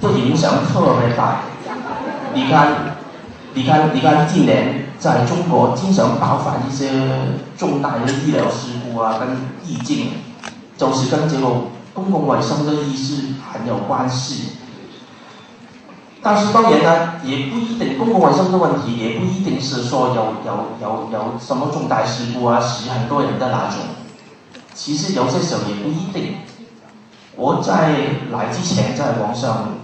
即影響特別大，而家而家而家近年就是中國經常爆發一些重大嘅醫療事故啊，跟疫症，就是跟這個公共衛生嘅意識很有關係。但是當然啦，也不一定公共衛生嘅問題，也不一定是說有有有有什麼重大事故啊，死很多人嘅那種。其實有些時候也不一定。我在來之前在網上。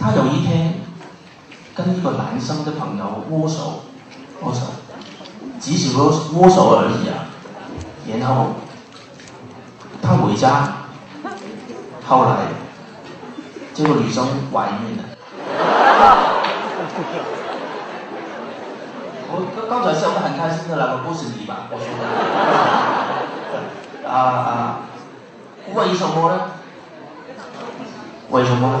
他有一天跟呢個男生的朋友握手，握手只是嗰握手而已啊，然後他回家，後來這個女生懷孕了 我剛才笑得很開心嘅啦，不是你吧？我說啊 啊，為什麼呢？為什麼呢？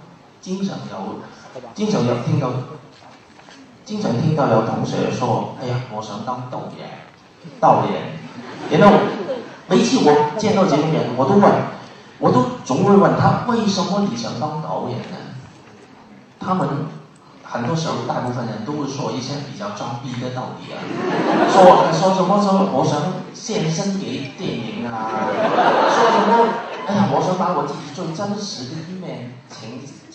經常有，經常有聽到，經常聽到有同學說，哎呀，我想當導演，導演，然後 you know，每次我見到這種人，我都問，我都總會問他，為什麼你想當導演呢？他們很多時候，大部分人都會說一些比較裝逼的道理啊，說怎麼說什麼，說我想獻身給電影啊，說什麼，哎呀，我想把我自己最真實的一面呈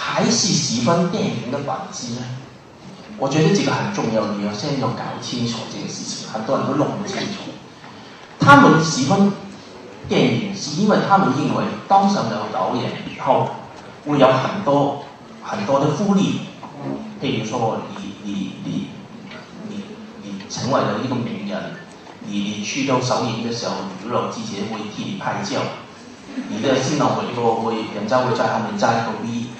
還是喜歡電影的本質咧，我覺得這個很重要。你要先要搞清楚這個事情，很多人都弄唔清楚。他們喜歡電影，是因為他們認為當上咗導演以後會有很多很多的福利。譬如說你你你你你成為了一個名人，你你去到首映嘅時候，娛樂記者會替你拍照，你嘅新浪微博會，人家會在下面加一個 V。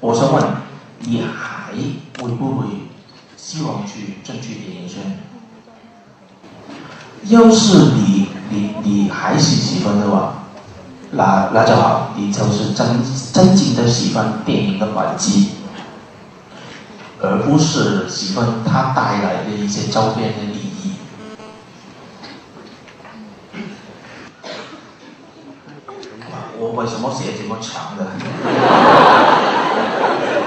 我想問，你還會不會希望去爭取電影院？要是你你你還是喜歡的話，那那就好，你就是真真正的喜歡電影的本質，而不是喜歡它帶來的一些周邊的利益。我為什麼寫這麼長的？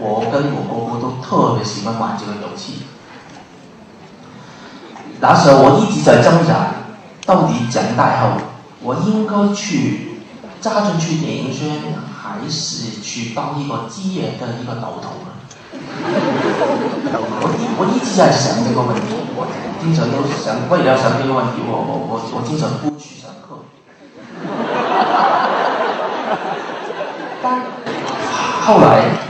我跟我哥哥都特別喜歡玩這個遊戲。那時候我一直在掙扎，到底長大後我應該去揸進去電影圈，還是去當一個職業嘅一個賭徒啊？ 我我一直在想呢個問題，我經常都想為了想呢個問題，我我我我經常不去上課 但後來。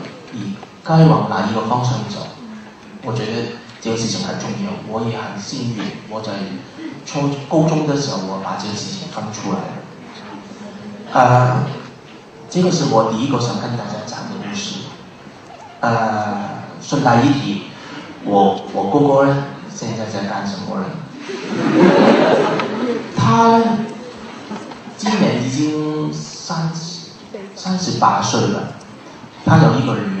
該往哪一個方向走？我覺得這個事情很重要。我也很幸運，我在初高中的時候，我把這個事情講出來啊、呃，這個是我第一個想跟大家講的故事。啊、呃，順帶一提，我我哥哥呢，現在在幹什麼呢？ 他今年已經三十三十八歲了。他有一個女人。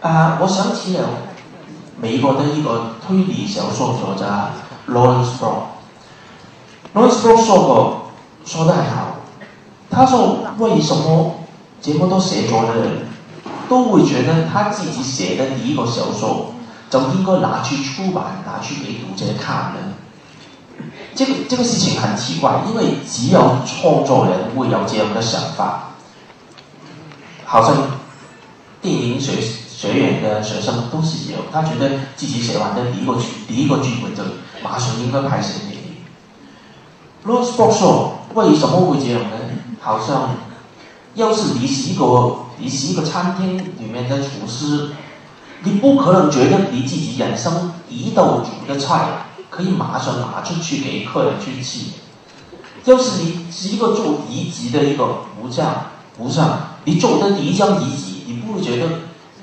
啊、uh，我想起了美國的一個推理小說作家 Lawrence Block，Lawrence Block 講過，講得係好。他說：「為什麼這麼多寫作人都會覺得他自己寫的第一個小說，就應該拿去出，出版，拿去俾讀者看呢？這個」即係這個事情很奇怪，因為只有創作人會有咁嘅想法，好像電影學學院嘅學生都是一樣，他覺得自己寫完第一個第一個劇本就馬上應該拍成電影給你 r o s e b o 說為什麼會這樣呢？好像，要是你是一個你是一個餐廳裏面嘅廚師，你不可能覺得你自己人生第一道煮嘅菜可以馬上拿出去給客人去吃。要是你是一個做移植嘅一個副將副將，你做得第一張移植，你不會覺得。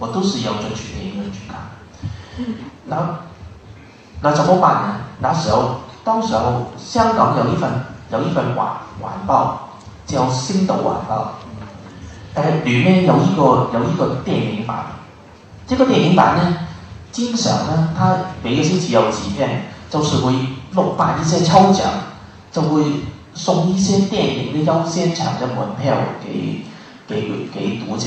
我都是有在傳一呢個傳那那怎麼辦呢？那時候當時候香港有一份有一份晚晚報，即星島晚報》呃，但係裏面有一個有一個電影版。這個電影版呢，經常呢，他每個啲自由紙天就是會發一些抽獎，就會送一些電影嘅優先場嘅門票給給給，給讀者。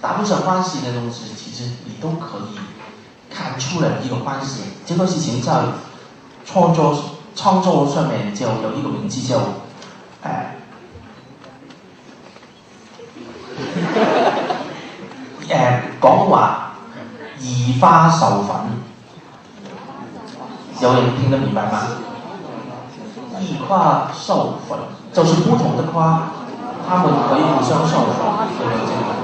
打不上關係嘅東西，其實你都可以看出嚟一個關係。這個事情在創作創作上面就有一個名字叫，誒、呃、誒、 呃、講話異花授粉，有人聽得明白嗎？異花授粉就是不同的花，他們可以互相授粉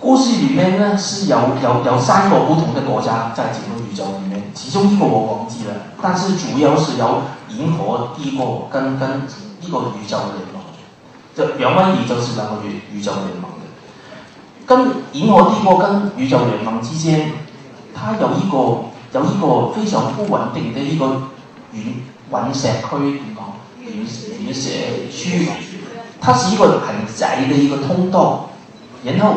故事裡面咧是有有有三個不同的國家，在整個宇宙裡面，其中一個我忘記啦，但是主要是有銀河帝國跟跟呢個宇宙聯盟，就兩威宇宙是兩個宇宇宙聯盟嘅，跟銀河帝國跟宇宙聯盟之間，它有呢個有呢個非常不穩定的呢個隕隕石區，點講講？隕隕石區，它是一個很窄嘅一個通道，然後。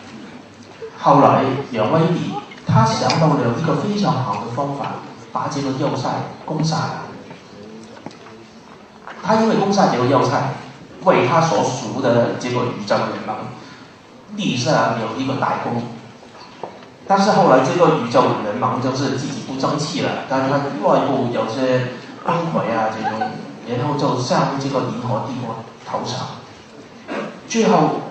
後來，楊威利他想到了一個非常好的方法，把這個要塞攻下來。他因為攻下這個要塞，為他所屬的這個宇宙人盟，立下有一個大功。但是後來這個宇宙人盟就是自己不爭氣了，但他外部有些崩潰啊，這種，然後就向這個銀河帝國投降，最後。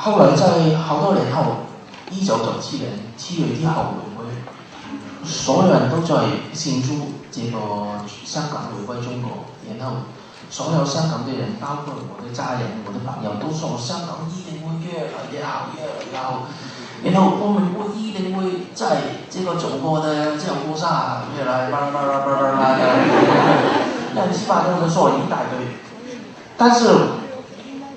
後來在好多年後，一九九七年七月一號回歸，所有人都在慶祝這個香港回歸中國。然後所有香港的人，包括我的家人、我的朋友，都說香港一定會越來越好越來越好，然後，我們會一定會在這個祖國的這個舞台上越來巴拉巴拉巴拉來的，但基本上是做一代的，但是。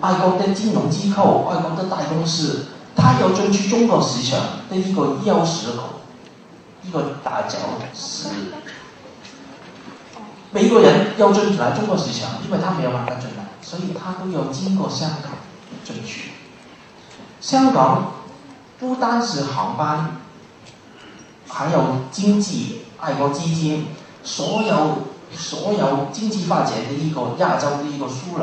外國的金融機構，外國的大公司，他有進駐中國市場的呢個優勢，呢個大走私，美國人要進駐來中國市場，因為他沒有辦法進來，所以他都要經過香港進駐香港，取香港不單是航班，還有經濟、外國資金，所有所有經濟發展嘅呢個亞洲嘅呢個樞紐，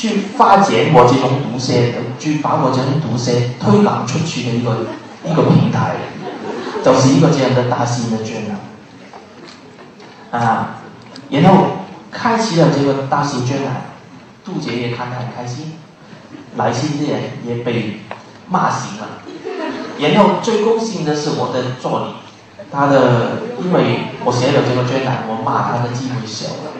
去發展我這種毒舌，去把我這啲毒舌推廣出去嘅一個一個平台，就是一個這樣嘅大型嘅專欄。啊，然後開啟了呢個大型專欄，杜姐也睇得很開心，來信的人也被罵醒了，然後最高興嘅是我的助理，他的因為我寫咗呢個專欄，我罵他嘅機會小咗。